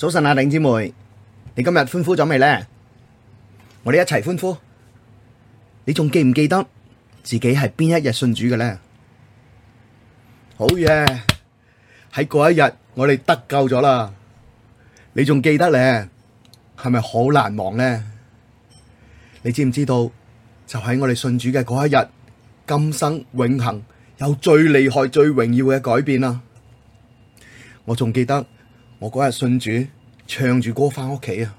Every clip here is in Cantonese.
早晨啊，頂姐妹，你今日歡呼咗未呢？我哋一齊歡呼。你仲記唔記得自己係邊一日信主嘅呢？好嘢，喺嗰一日我哋得救咗啦。你仲記得咧？係咪好難忘呢？你知唔知道？就喺我哋信主嘅嗰一日，今生永恆有最厲害、最榮耀嘅改變啊！我仲記得。我嗰日信主唱，唱住歌翻屋企啊，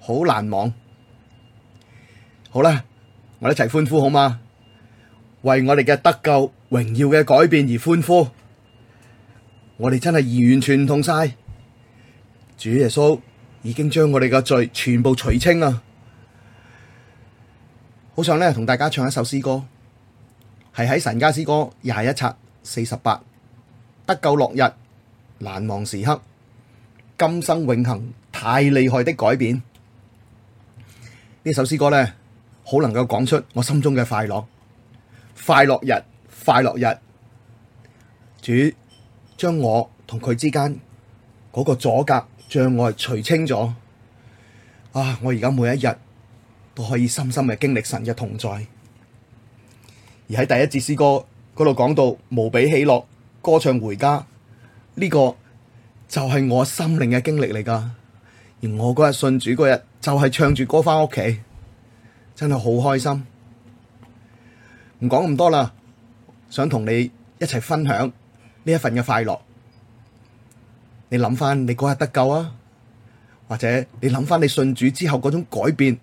好難忘。好啦，我哋一齊歡呼好嗎？為我哋嘅得救、榮耀嘅改變而歡呼。我哋真係完全唔同晒，主耶穌已經將我哋嘅罪全部除清啊！好想咧同大家唱一首詩歌，係喺《神家詩歌》廿一冊四十八，《得救樂日難忘時刻》。今生永恆太厲害的改變。呢首詩歌呢，好能夠講出我心中嘅快樂。快樂日，快樂日，主將我同佢之間嗰個阻隔障礙除清咗。啊！我而家每一日都可以深深嘅經歷神嘅同在。而喺第一節詩歌嗰度講到無比喜樂，歌唱回家呢個就係我心靈嘅經歷嚟㗎，而我嗰日信主嗰日就係唱住歌返屋企，真係好開心。唔講咁多啦，想同你一齊分享呢一份嘅快樂。你諗翻你嗰日得救啊，或者你諗翻你信主之後嗰種改變、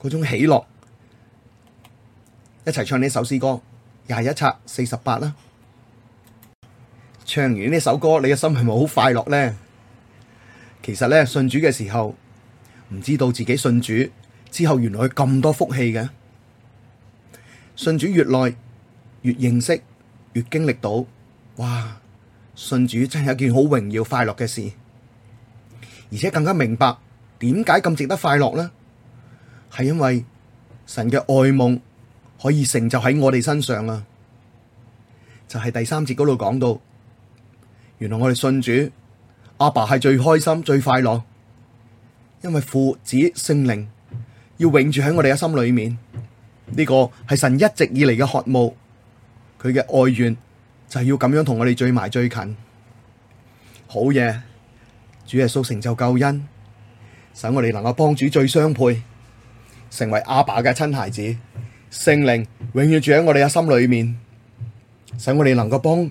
嗰種喜樂，一齊唱呢首詩歌又廿一冊四十八啦。唱完呢首歌，你嘅心係咪好快樂呢？其實咧，信主嘅時候唔知道自己信主之後，原來有咁多福氣嘅。信主越耐越認識，越經歷到，哇！信主真係一件好榮耀、快樂嘅事，而且更加明白點解咁值得快樂呢？係因為神嘅愛夢可以成就喺我哋身上啊！就係第三節嗰度講到。原來我哋信主阿爸係最開心最快樂，因為父子聖靈要永住喺我哋嘅心裏面，呢、這個係神一直以嚟嘅渴慕，佢嘅愛願就係、是、要咁樣同我哋聚埋最近。好嘢！主耶穌成就救恩，使我哋能夠幫主最相配，成為阿爸嘅親孩子，聖靈永遠住喺我哋嘅心裏面，使我哋能夠幫。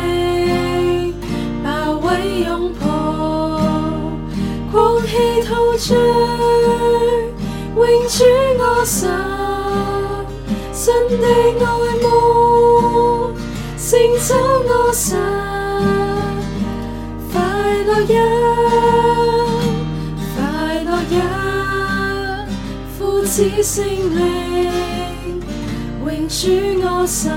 我心神的愛夢，成就我身。快樂日，快樂日！父子聖靈，永住我心，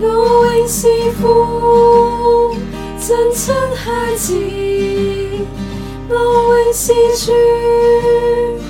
我永是父，真親孩子，我永是主。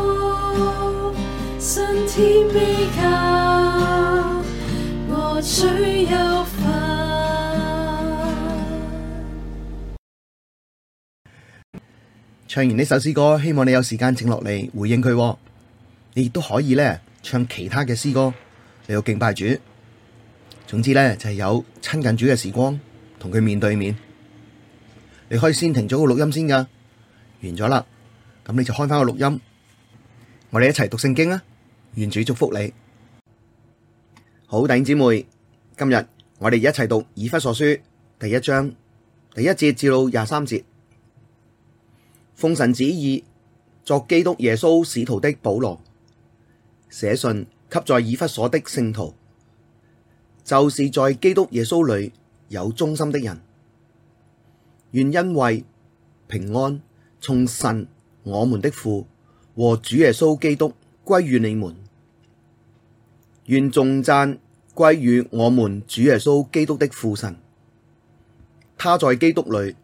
唱完呢首詩歌，希望你有時間靜落嚟回應佢。你亦都可以咧唱其他嘅詩歌嚟到敬拜主。總之咧就係、是、有親近主嘅時光，同佢面對面。你可以先停咗個錄音先噶，完咗啦，咁你就開翻個錄音。我哋一齊讀聖經啊！願主祝福你。好，弟兄姊妹，今日我哋一齊讀以弗所書第一章第一節至到廿三節。奉神旨意，作基督耶穌使徒的保羅，寫信給在以弗所的聖徒，就是在基督耶穌裡有忠心的人。願恩惠平安從神我們的父和主耶穌基督歸於你們。願頌讚歸於我們主耶穌基督的父神，他在基督裡。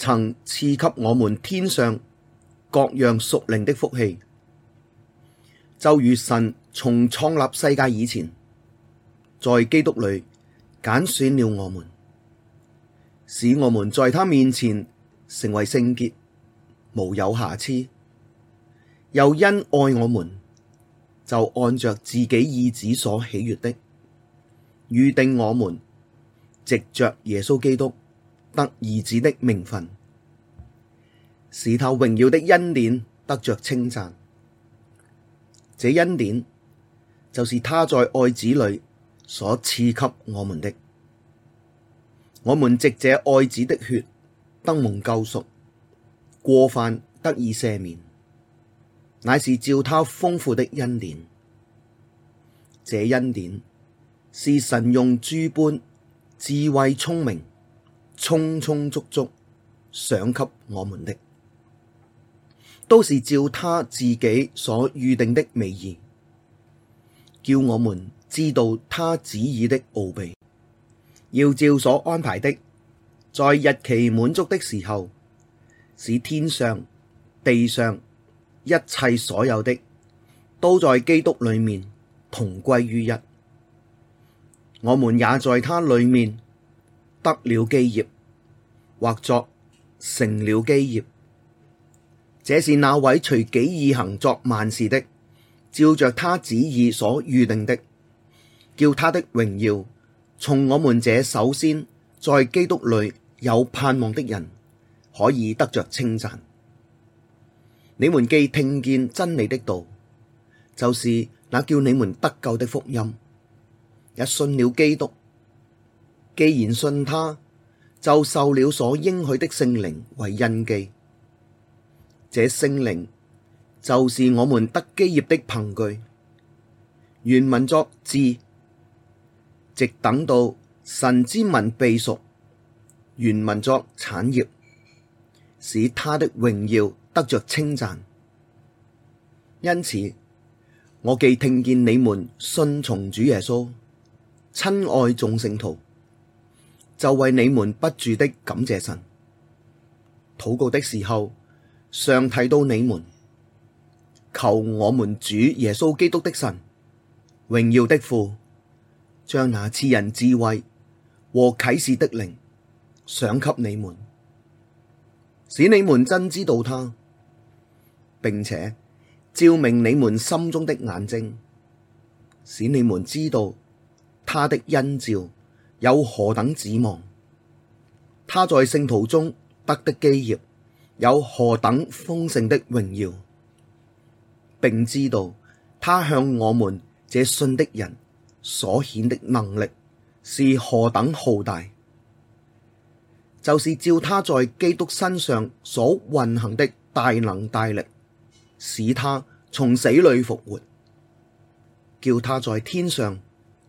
曾賜給我們天上各樣屬靈的福氣，就如神從創立世界以前，在基督裡揀選了我們，使我們在他面前成為聖潔，無有瑕疵；又因愛我們，就按着自己意旨所喜悅的，預定我們藉着耶穌基督。得兒子的名分，是祂榮耀的恩典，得着稱讚。這恩典就是他在愛子裡所賜給我們的。我們藉這愛子的血得蒙救贖，過犯得以赦免，乃是照他豐富的恩典。這恩典是神用諸般智慧聰明。充充足足賞給我們的，都是照他自己所預定的美意，叫我們知道他旨意的奧祕，要照所安排的，在日期滿足的時候，使天上地上一切所有的，都在基督裡面同歸於一，我們也在他裡面。得了基業，或作成了基業，這是那位隨己意行作萬事的，照着他旨意所預定的，叫他的榮耀從我們這首先在基督裡有盼望的人可以得着稱讚。你們既聽見真理的道，就是那叫你們得救的福音，也信了基督。既然信他，就受了所應許的聖靈為印記。這聖靈就是我們得基業的憑據。原文作質，直等到神之民被贖，原文作產業，使他的榮耀得着稱讚。因此，我既聽見你們信從主耶穌，親愛眾聖徒。就為你們不住的感謝神，禱告的時候，常提到你們，求我們主耶穌基督的神，榮耀的父，將那賜人智慧和啟示的靈賞給你們，使你們真知道他，並且照明你們心中的眼睛，使你們知道他的恩召。有何等指望？他在聖徒中得的基業，有何等豐盛的榮耀，並知道他向我們這信的人所顯的能力是何等浩大，就是照他在基督身上所運行的大能大力，使他從死裡復活，叫他在天上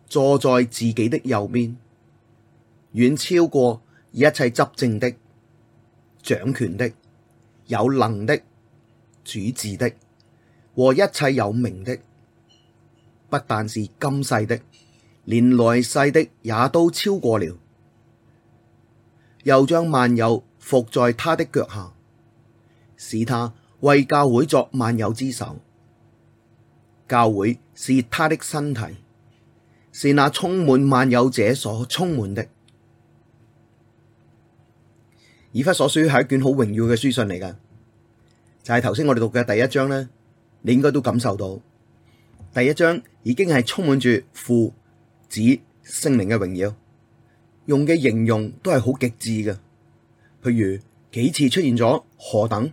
坐在自己的右邊。遠超過一切執政的、掌權的、有能的、主治的和一切有名的，不但是今世的，連來世的也都超過了。又將萬有伏在他的腳下，使他為教會作萬有之首。教會是他的身體，是那充滿萬有者所充滿的。以弗所書係一卷好榮耀嘅書信嚟噶，就係頭先我哋讀嘅第一章咧，你應該都感受到，第一章已經係充滿住父子聖靈嘅榮耀，用嘅形容都係好極致嘅，譬如幾次出現咗何等、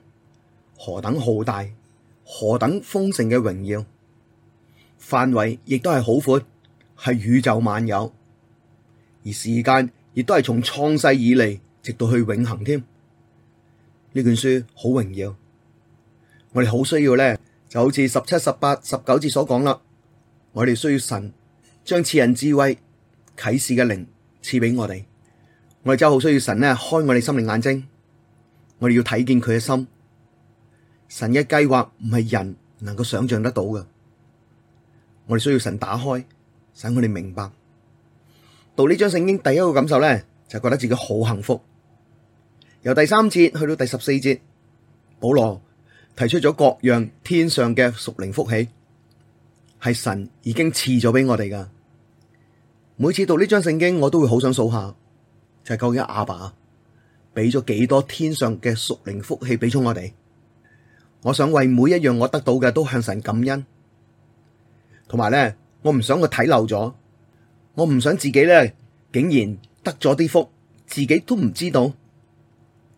何等浩大、何等豐盛嘅榮耀，範圍亦都係好闊，係宇宙萬有，而時間亦都係從創世以嚟。.直到去永恆添，呢卷書好榮耀，我哋好需要咧，就好似十七、十八、十九節所講啦，我哋需要神將賜人智慧、啟示嘅靈賜俾我哋，我哋真係好需要神咧，開我哋心靈眼睛，我哋要睇見佢嘅心，神嘅計劃唔係人能夠想象得到嘅，我哋需要神打開，使我哋明白。到呢章聖經第一個感受咧，就係覺得自己好幸福。由第三節去到第十四節，保羅提出咗各樣天上嘅屬靈福氣，係神已經賜咗俾我哋噶。每次讀呢張聖經，我都會好想數下，就係究竟阿爸俾咗幾多天上嘅屬靈福氣俾咗我哋。我想為每一樣我得到嘅都向神感恩，同埋咧，我唔想我睇漏咗，我唔想自己咧竟然得咗啲福，自己都唔知道。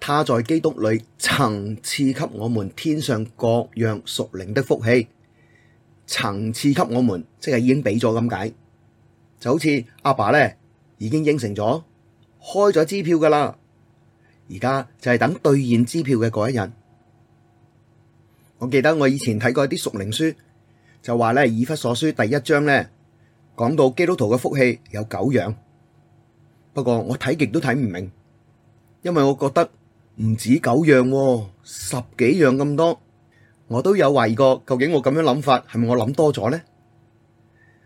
他在基督裡曾賜給我們天上各樣屬靈的福氣，曾賜給我們，即係已經俾咗噉解，就好似阿爸咧已經應承咗，開咗支票噶啦，而家就係等兌現支票嘅嗰一日。我記得我以前睇過一啲屬靈書，就話咧以弗所書第一章咧講到基督徒嘅福氣有九樣，不過我睇極都睇唔明，因為我覺得。唔止九樣，十幾樣咁多，我都有懷疑過，究竟我咁樣諗法係咪我諗多咗呢？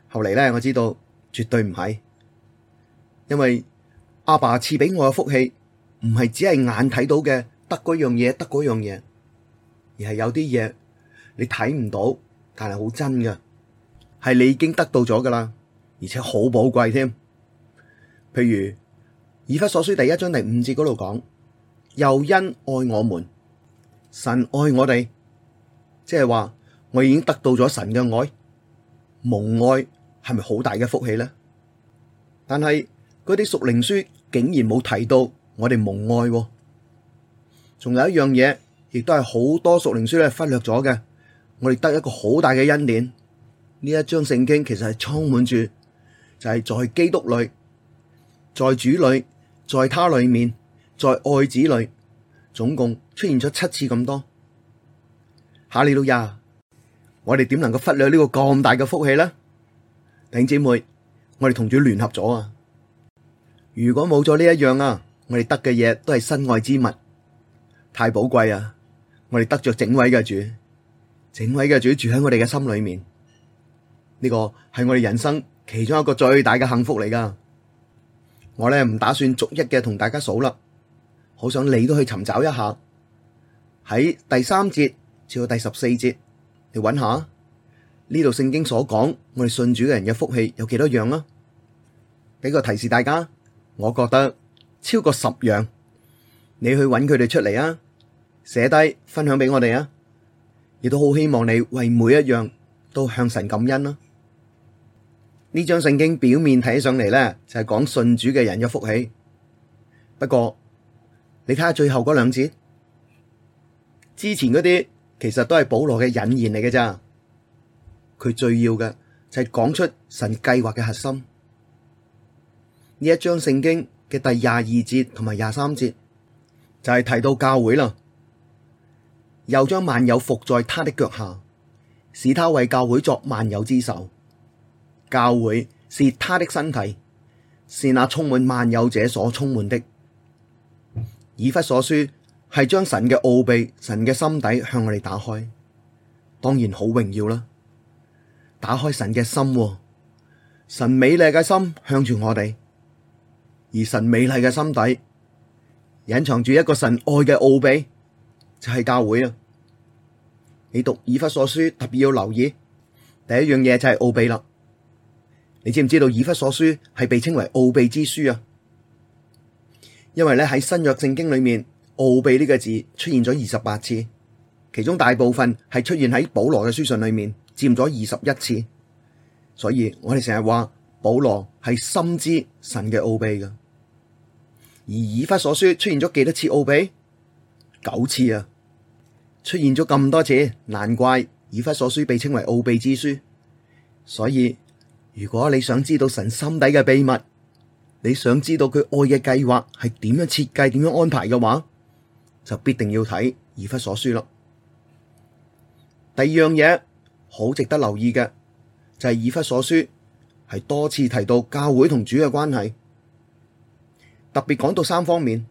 後嚟咧，我知道絕對唔係，因為阿爸賜俾我嘅福氣唔係只係眼睇到嘅，得嗰樣嘢，得嗰樣嘢，而係有啲嘢你睇唔到，但係好真嘅，係你已經得到咗噶啦，而且好寶貴添。譬如《以弗所書》第一章第五節嗰度講。又因愛我們，神愛我哋，即係話我已經得到咗神嘅愛，蒙愛係咪好大嘅福氣呢？但係嗰啲屬靈書竟然冇提到我哋蒙愛，仲有一樣嘢，亦都係好多屬靈書咧忽略咗嘅，我哋得一個好大嘅恩典。呢一章聖經其實係充滿住，就係在基督裡，在主裡，在他裡面。在愛子裏，總共出現咗七次咁多。哈利路亞，我哋點能夠忽略呢個咁大嘅福氣呢？弟兄姊妹，我哋同主聯合咗啊！如果冇咗呢一樣啊，我哋得嘅嘢都係身外之物，太寶貴啊！我哋得着整位嘅主，整位嘅主住喺我哋嘅心裏面，呢個係我哋人生其中一個最大嘅幸福嚟㗎。我呢唔打算逐一嘅同大家數啦。好想你都去尋找一下，喺第三節至到第十四節，你揾下呢度聖經所講，我哋信主嘅人嘅福氣有幾多樣啊？俾個提示大家，我覺得超過十樣，你去揾佢哋出嚟啊，寫低分享俾我哋啊，亦都好希望你為每一樣都向神感恩啦。呢張聖經表面睇上嚟咧，就係講信主嘅人嘅福氣，不過。你睇下最後嗰兩節，之前嗰啲其實都係保羅嘅引言嚟嘅咋，佢最要嘅就係、是、講出神計劃嘅核心。呢一章聖經嘅第廿二節同埋廿三節就係、是、提到教會啦，又將萬有服在他的腳下，使他為教會作萬有之首。教會是他的身體，是那充滿萬有者所充滿的。以弗所書係將神嘅奧祕、神嘅心底向我哋打開，當然好榮耀啦！打開神嘅心，神美麗嘅心向住我哋，而神美麗嘅心底隱藏住一個神愛嘅奧祕，就係、是、教會啦！你讀以弗所書特別要留意第一樣嘢就係奧祕啦！你知唔知道以弗所書係被稱為奧祕之書啊？因為咧喺新約聖經裏面，奧秘呢個字出現咗二十八次，其中大部分係出現喺保羅嘅書信裏面，佔咗二十一次。所以我哋成日話保羅係深知神嘅奧秘噶。而以弗所書出現咗幾多次奧秘？九次啊！出現咗咁多次，難怪以弗所書被稱為奧秘之書。所以如果你想知道神心底嘅秘密。你想知道佢愛嘅計劃係點樣設計、點樣安排嘅話，就必定要睇《以弗所書》啦。第二樣嘢好值得留意嘅，就係、是《以弗所書》係多次提到教會同主嘅關係，特別講到三方面。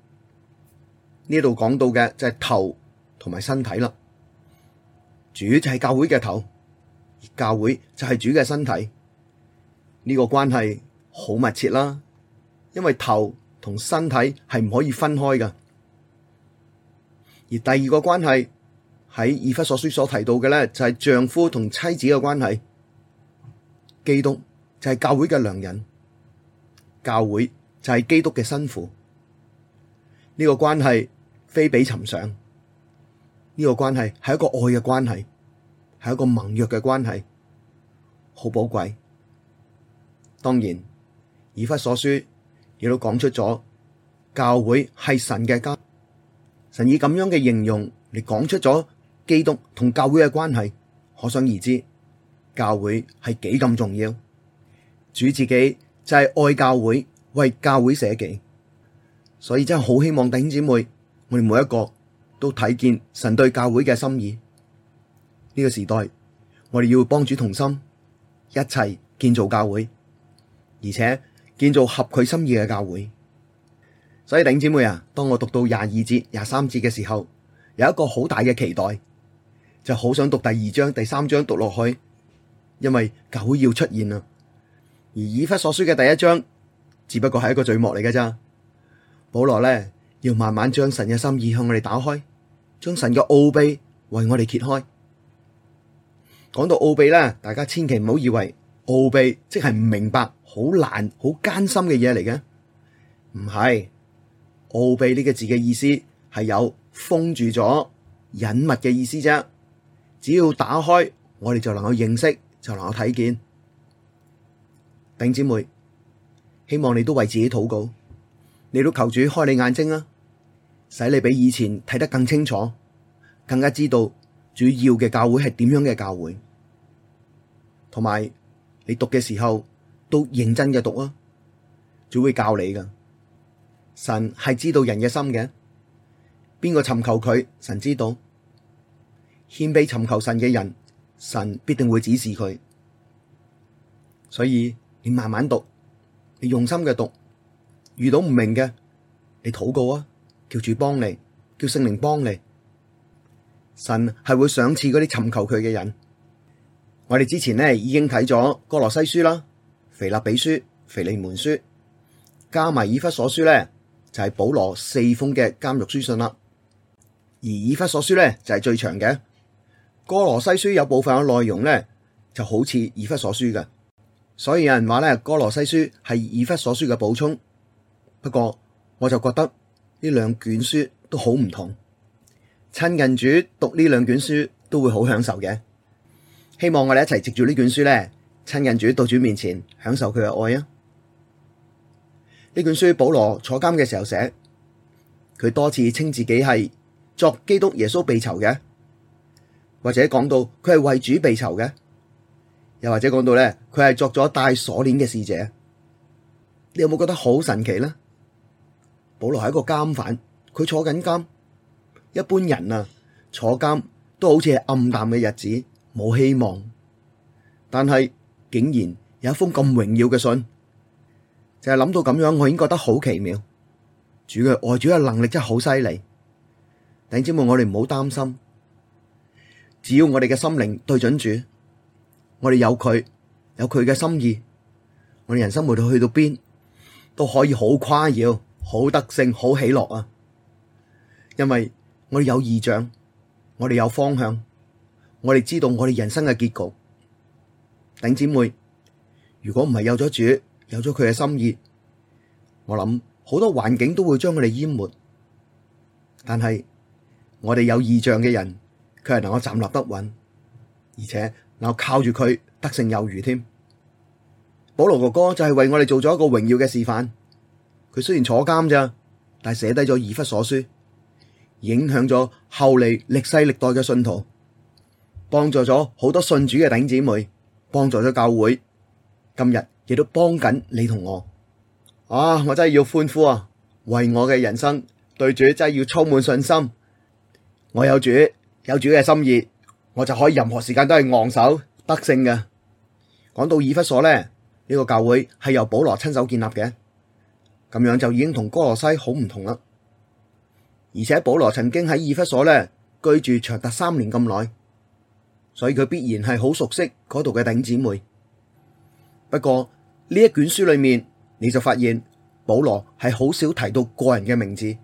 呢度講到嘅就係頭同埋身體啦，主就係教會嘅頭，而教會就係主嘅身體，呢、這個關係好密切啦。因為頭同身體係唔可以分開噶，而第二個關係喺《以弗所書》所提到嘅呢，就係丈夫同妻子嘅關係。基督就係教會嘅良人，教會就係基督嘅新婦。呢個關係非比尋常，呢個關係係一個愛嘅關係，係一個盟約嘅關係，好寶貴。當然，《以弗所書》亦都講出咗教會係神嘅家，神以咁樣嘅形容嚟，講出咗基督同教會嘅關係，可想而知教會係幾咁重要。主自己就係愛教會，為教會捨己，所以真係好希望弟兄姊妹，我哋每一個都睇見神對教會嘅心意。呢個時代，我哋要幫主同心，一齊建造教會，而且，建造合佢心意嘅教會，所以頂姐妹啊，當我讀到廿二節、廿三節嘅時候，有一個好大嘅期待，就好想讀第二章、第三章讀落去，因為教會要出現啦。而以弗所書嘅第一章只不過係一個序幕嚟嘅咋，保羅咧要慢慢將神嘅心意向我哋打開，將神嘅奧秘為我哋揭開。講到奧秘咧，大家千祈唔好以為奧秘即係唔明白。好難、好艱辛嘅嘢嚟嘅，唔係。奧祕呢個字嘅意思，係有封住咗隱密嘅意思啫。只要打開，我哋就能夠認識，就能夠睇見。丁姊妹，希望你都為自己禱告，你都求主開你眼睛啊，使你比以前睇得更清楚，更加知道主要嘅教會係點樣嘅教會，同埋你讀嘅時候。都認真嘅讀啊，主會教你噶。神係知道人嘅心嘅，邊個尋求佢，神知道。謙卑尋求神嘅人，神必定會指示佢。所以你慢慢讀，你用心嘅讀，遇到唔明嘅，你禱告啊，叫主幫你，叫聖靈幫你。神係會賞賜嗰啲尋求佢嘅人。我哋之前呢已經睇咗哥羅西書啦。腓立比書、腓利門書加埋以弗所書咧，就係保羅四封嘅監獄書信啦。而以弗所書咧就係最長嘅。哥羅西書有部分嘅內容咧就好似以弗所書嘅，所以有人話咧，哥羅西書係以弗所書嘅補充。不過我就覺得呢兩卷書都好唔同，親近主讀呢兩卷書都會好享受嘅。希望我哋一齊藉住呢卷書咧。親近主，到主面前享受佢嘅愛啊！呢卷書保羅坐監嘅時候寫，佢多次稱自己係作基督耶穌被囚嘅，或者講到佢係為主被囚嘅，又或者講到咧佢係作咗戴鎖鏈嘅使者。你有冇覺得好神奇呢？保羅係一個監犯，佢坐緊監，一般人啊坐監都好似係暗淡嘅日子，冇希望，但係。竟然有一封咁榮耀嘅信，就係、是、諗到咁樣，我已經覺得好奇妙。主嘅愛，主嘅能力真係好犀利。弟兄姊妹，我哋唔好擔心，只要我哋嘅心靈對準主，我哋有佢，有佢嘅心意，我哋人生無論去到邊，都可以好誇耀、好得勝、好喜樂啊！因為我哋有異象，我哋有方向，我哋知道我哋人生嘅結局。頂姊妹，如果唔係有咗主，有咗佢嘅心意，我諗好多環境都會將佢哋淹沒。但係我哋有異象嘅人，佢係能夠站立得穩，而且能夠靠住佢得勝有餘添。保羅哥哥就係為我哋做咗一個榮耀嘅示範。佢雖然坐監咋，但係寫低咗以弗所書，影響咗後嚟歷世歷代嘅信徒，幫助咗好多信主嘅頂姊妹。幫助咗教會，今日亦都幫緊你同我。啊！我真係要歡呼啊！為我嘅人生，對主真係要充滿信心。我有主，有主嘅心意，我就可以任何時間都係昂首得勝嘅。講到以弗所呢，呢個教會係由保羅親手建立嘅，咁樣就已經同哥羅西好唔同啦。而且保羅曾經喺以弗所呢居住長達三年咁耐。所以佢必然係好熟悉嗰度嘅頂姊妹。不過呢一卷書裏面，你就發現保羅係好少提到個人嘅名字，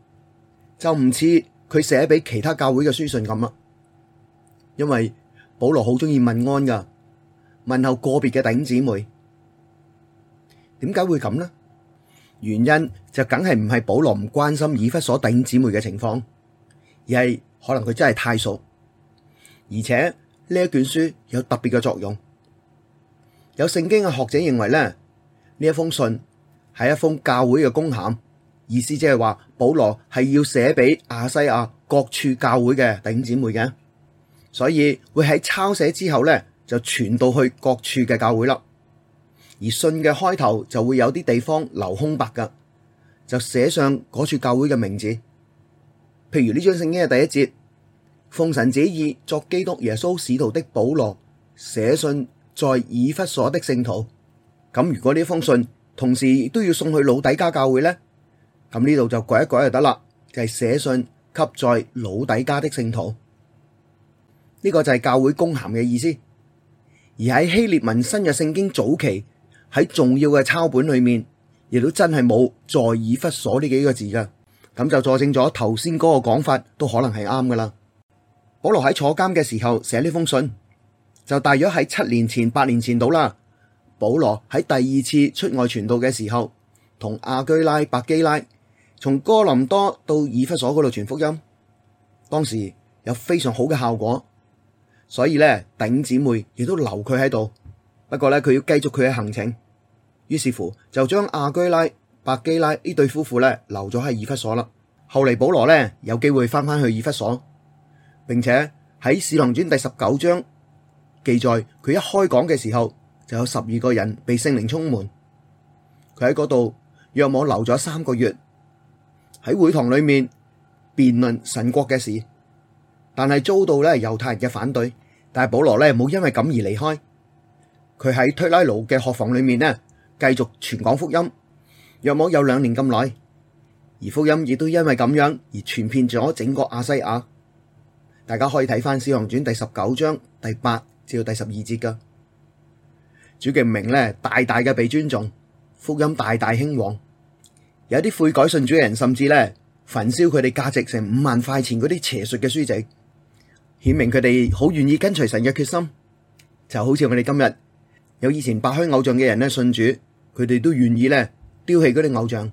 就唔似佢寫俾其他教會嘅書信咁啦。因為保羅好鍾意問安㗎，問候個別嘅頂姊妹。點解會咁呢？原因就梗係唔係保羅唔關心以弗所頂姊妹嘅情況，而係可能佢真係太熟，而且。呢一卷書有特別嘅作用，有聖經嘅學者認為咧，呢一封信係一封教會嘅公函，意思即係話保羅係要寫俾亞西亞各處教會嘅弟兄姊妹嘅，所以會喺抄寫之後呢就傳到去各處嘅教會啦。而信嘅開頭就會有啲地方留空白噶，就寫上嗰處教會嘅名字，譬如呢張聖經嘅第一節。奉神旨意，作基督耶穌使徒的保羅寫信在以弗所的聖徒，咁如果呢封信同時都要送去老底加教會咧，咁呢度就改一改就得啦，就係寫信給在老底加的聖徒。呢個就係教會公函嘅意思。而喺希列文新約聖經早期喺重要嘅抄本裏面，亦都真係冇在以弗所呢幾個字噶，咁就佐證咗頭先嗰個講法都可能係啱噶啦。保羅喺坐監嘅時候寫呢封信，就大約喺七年前、八年前到啦。保羅喺第二次出外傳道嘅時候，同亞居拉、百基拉從哥林多到以弗所嗰度傳福音，當時有非常好嘅效果，所以呢頂姊妹亦都留佢喺度。不過呢，佢要繼續佢嘅行程，於是乎就將亞居拉、百基拉呢對夫婦呢留咗喺以弗所啦。後嚟保羅呢有機會翻返去以弗所。並且喺《使徒行傳》第十九章記載，佢一開講嘅時候就有十二個人被聖靈充滿。佢喺嗰度約摸留咗三個月喺會堂裏面辯論神國嘅事，但係遭到咧猶太人嘅反對。但係保羅呢冇因為咁而離開，佢喺推喇奴嘅學房裏面呢繼續傳講福音，約摸有,有兩年咁耐，而福音亦都因為咁樣而傳遍咗整個亞西亞。大家可以睇翻《使徒行傳》第十九章第八至到第十二節嘅主極明咧，大大嘅被尊重，福音大大興旺。有啲悔改信主嘅人，甚至咧焚燒佢哋價值成五萬塊錢嗰啲邪術嘅書籍，顯明佢哋好願意跟隨神嘅決心。就好似我哋今日有以前拜香偶像嘅人咧，信主，佢哋都願意咧丟棄嗰啲偶像，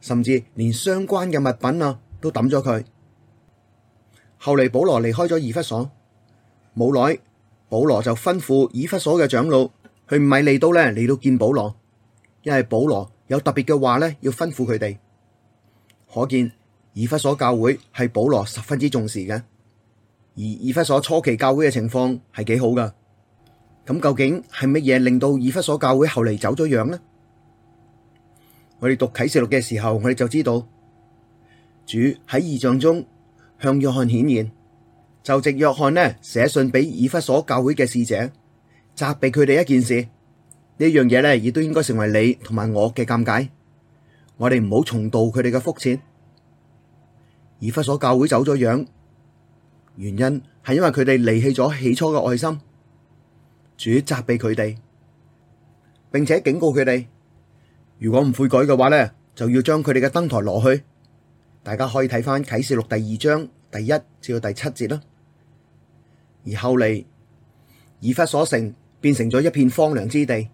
甚至連相關嘅物品啊都抌咗佢。後嚟，保羅離開咗以弗所，冇耐保羅就吩咐以弗所嘅長老，去米利都咧，嚟到見保羅，因為保羅有特別嘅話咧，要吩咐佢哋。可見以弗所教會係保羅十分之重視嘅，而以弗所初期教會嘅情況係幾好噶。咁究竟係乜嘢令到以弗所教會後嚟走咗樣呢？我哋讀啟示錄嘅時候，我哋就知道主喺異象中。向約翰顯現，就藉約翰呢寫信俾以弗所教會嘅使者，責備佢哋一件事。呢樣嘢呢，亦都應該成為你同埋我嘅尷尬。我哋唔好重蹈佢哋嘅覆轍。以弗所教會走咗樣，原因係因為佢哋離棄咗起初嘅愛心。主責備佢哋，並且警告佢哋，如果唔悔改嘅話呢，就要將佢哋嘅燈台攞去。大家可以睇翻啟示錄第二章第一至到第七節啦，而後嚟以弗所城變成咗一片荒涼之地，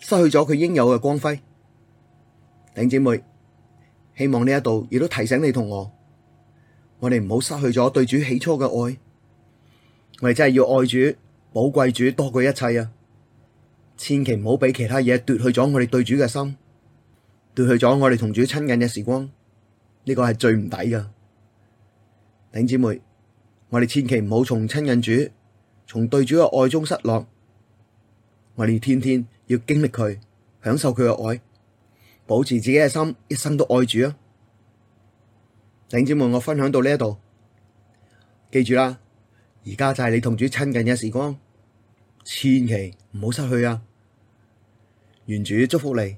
失去咗佢應有嘅光輝。弟姐妹，希望呢一度亦都提醒你同我，我哋唔好失去咗對主起初嘅愛，我哋真係要愛主、寶貴主多過一切啊！千祈唔好俾其他嘢奪去咗我哋對主嘅心，奪去咗我哋同主親近嘅時光。呢個係最唔抵噶，頂姐妹，我哋千祈唔好從親近主，從對主嘅愛中失落。我哋天天要經歷佢，享受佢嘅愛，保持自己嘅心，一生都愛住啊！頂姐妹，我分享到呢一度，記住啦，而家就係你同主親近嘅時光，千祈唔好失去啊！願主祝福你。